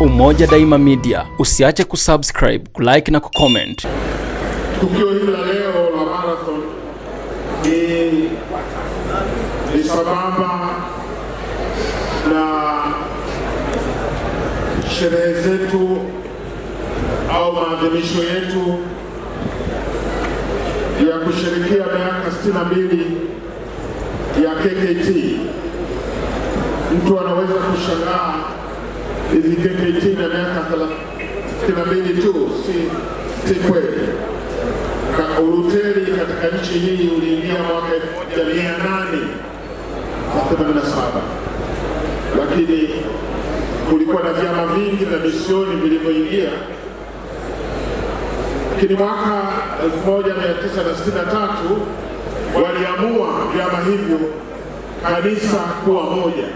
Umoja Daima Media, usiache kusubscribe, kulike na kucomment. Tukio hili la leo la marathon ni, ni sambamba na sherehe zetu au maadhimisho yetu ya kushirikia miaka 62 ya KKT. Mtu anaweza kushangaa ijikeketini na miaka thelathini tu, si kweli. Uruteli katika nchi hii uliingia mwaka 1887 lakini kulikuwa na vyama vingi na misioni vilivyoingia, lakini mwaka 1963 waliamua vyama hivyo kanisa kuwa moja,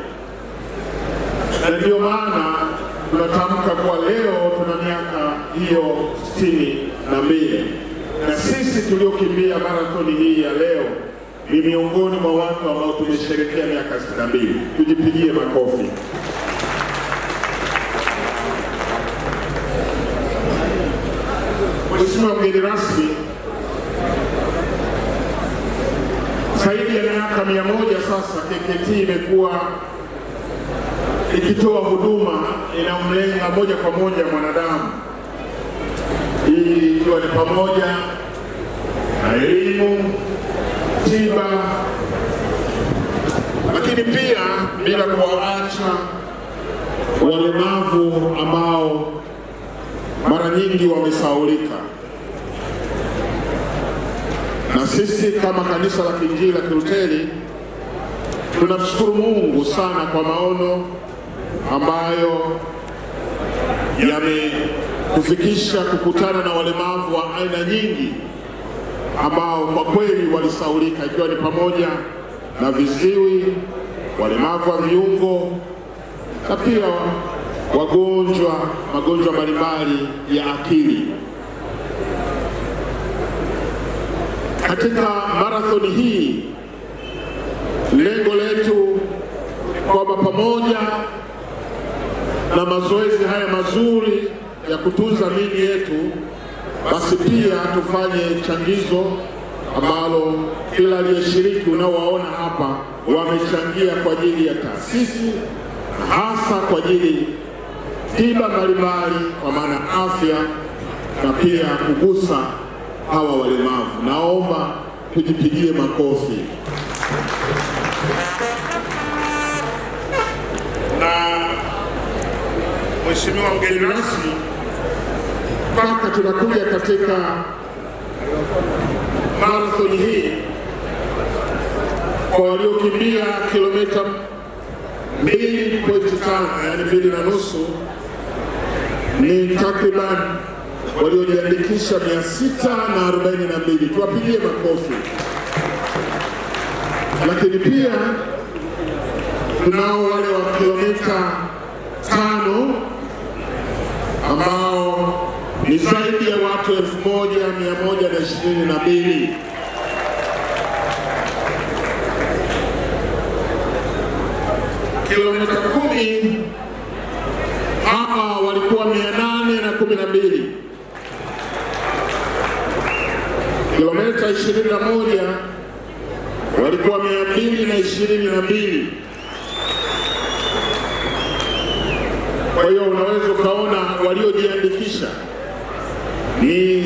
na ndiyo maana tunatamka kuwa leo tuna miaka hiyo sitini na mbili na sisi tuliokimbia marathoni hii ya leo ni miongoni mwa watu ambao tumesherehekea miaka sitini na mbili. Tujipigie makofi. Mheshimiwa mgeni rasmi, zaidi ya miaka mia moja sasa KKKT imekuwa ikitoa huduma inamlenga moja kwa moja mwanadamu. Hii ikiwa ni pamoja na elimu, tiba, lakini pia bila kuwaacha walemavu ambao mara nyingi wamesaulika. Na sisi kama kanisa la Kiinjili la Kilutheri tunamshukuru Mungu sana kwa maono ambayo yamekufikisha kukutana na walemavu wa aina nyingi ambao kwa kweli walisaulika, ikiwa ni pamoja na viziwi, walemavu wa viungo na pia wagonjwa magonjwa mbalimbali ya akili. Katika marathoni hii lengo letu kwamba pamoja na mazoezi haya mazuri ya kutunza mili yetu, basi pia tufanye changizo ambalo kila aliyeshiriki unaowaona hapa wamechangia kwa ajili ya taasisi na hasa kwa ajili tiba mbalimbali, kwa maana afya na pia kugusa hawa walemavu. Naomba tujipigie makofi. Mheshimiwa mgeni rasmi, mpaka tunakuja katika marathoni hii kwa waliokimbia kilomita 2.5 yani mbili na nusu ni takriban waliojiandikisha 642. Tuwapigie makofi. Lakini pia tunao wale wa kilomita tano ambao ni zaidi ya watu elfu moja mia moja na ishirini na mbili kilomita kumi hawa walikuwa mia nane na kumi na mbili kilomita ishirini na moja walikuwa mia mbili na ishirini na mbili Kwa hiyo unaweza ukaona waliojiandikisha ni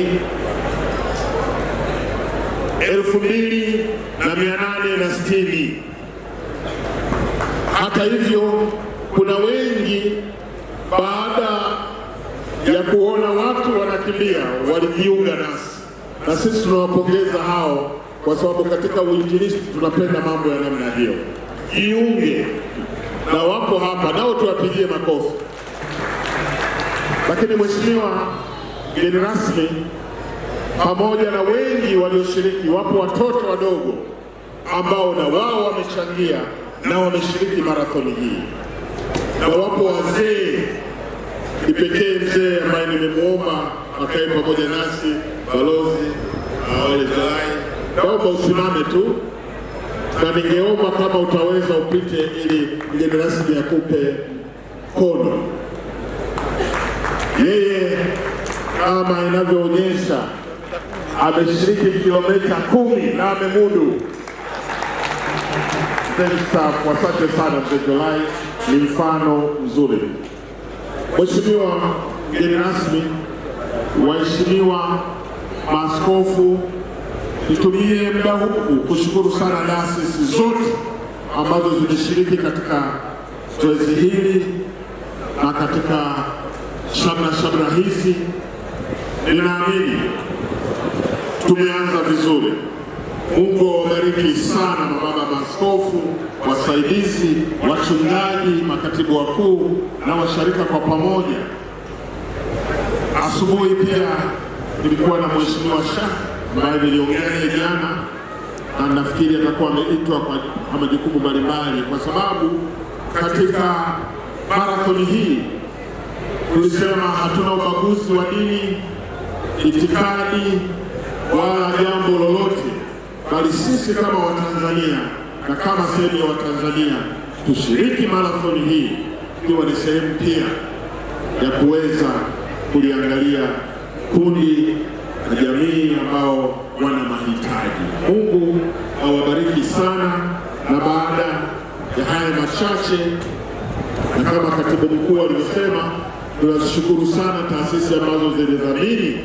elfu mbili na mia nane na sitini. Hata hivyo kuna wengi baada ya kuona watu wanakimbia walijiunga nasi, na sisi tunawapongeza hao, kwa sababu katika uinjilisti tunapenda mambo ya namna hiyo. Jiunge na wako hapa nao, tuwapigie makofi. Lakini mheshimiwa mgeni rasmi, pamoja na wengi walioshiriki, wapo watoto wadogo ambao na wao wamechangia na wameshiriki marathoni hii, na wapo wazee, kipekee mzee ambaye nimemwomba akae pamoja nasi, balozi awalezai, uh, naomba usimame tu na ningeomba kama utaweza upite ili mgeni rasmi akupe mkono. Yeye kama inavyoonyesha ameshiriki kilomita kumi na amemudu. Mstaafu, asante sana mzee Julai, ni mfano mzuri. Mheshimiwa mgeni rasmi, waheshimiwa maaskofu, nitumie muda huu kushukuru sana taasisi zote ambazo zimeshiriki katika zoezi hili na katika shabra shabra hizi, ninaamini tumeanza vizuri. Mungu awabariki sana mababa maskofu wasaidizi, wachungaji, makatibu wakuu na washarika kwa pamoja. Asubuhi pia nilikuwa na mheshimiwa Shah ambaye niliongea naye jana, na nafikiri atakuwa ameitwa kwa majukumu mbalimbali, kwa sababu katika marathoni hii tulisema hatuna ubaguzi wa dini, itikadi wala jambo lolote, bali sisi kama Watanzania na kama sehemu ya Watanzania tushiriki marathoni hii ikiwa ni sehemu pia ya kuweza kuliangalia kundi na jamii ambao wana mahitaji. Mungu awabariki sana. Na baada ya haya machache, na kama katibu mkuu alivyosema Tunashukuru sana taasisi ambazo zilidhamini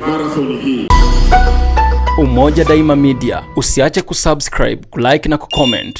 marathoni hii. Umoja Daima Media, usiache kusubscribe, kulike na kucomment.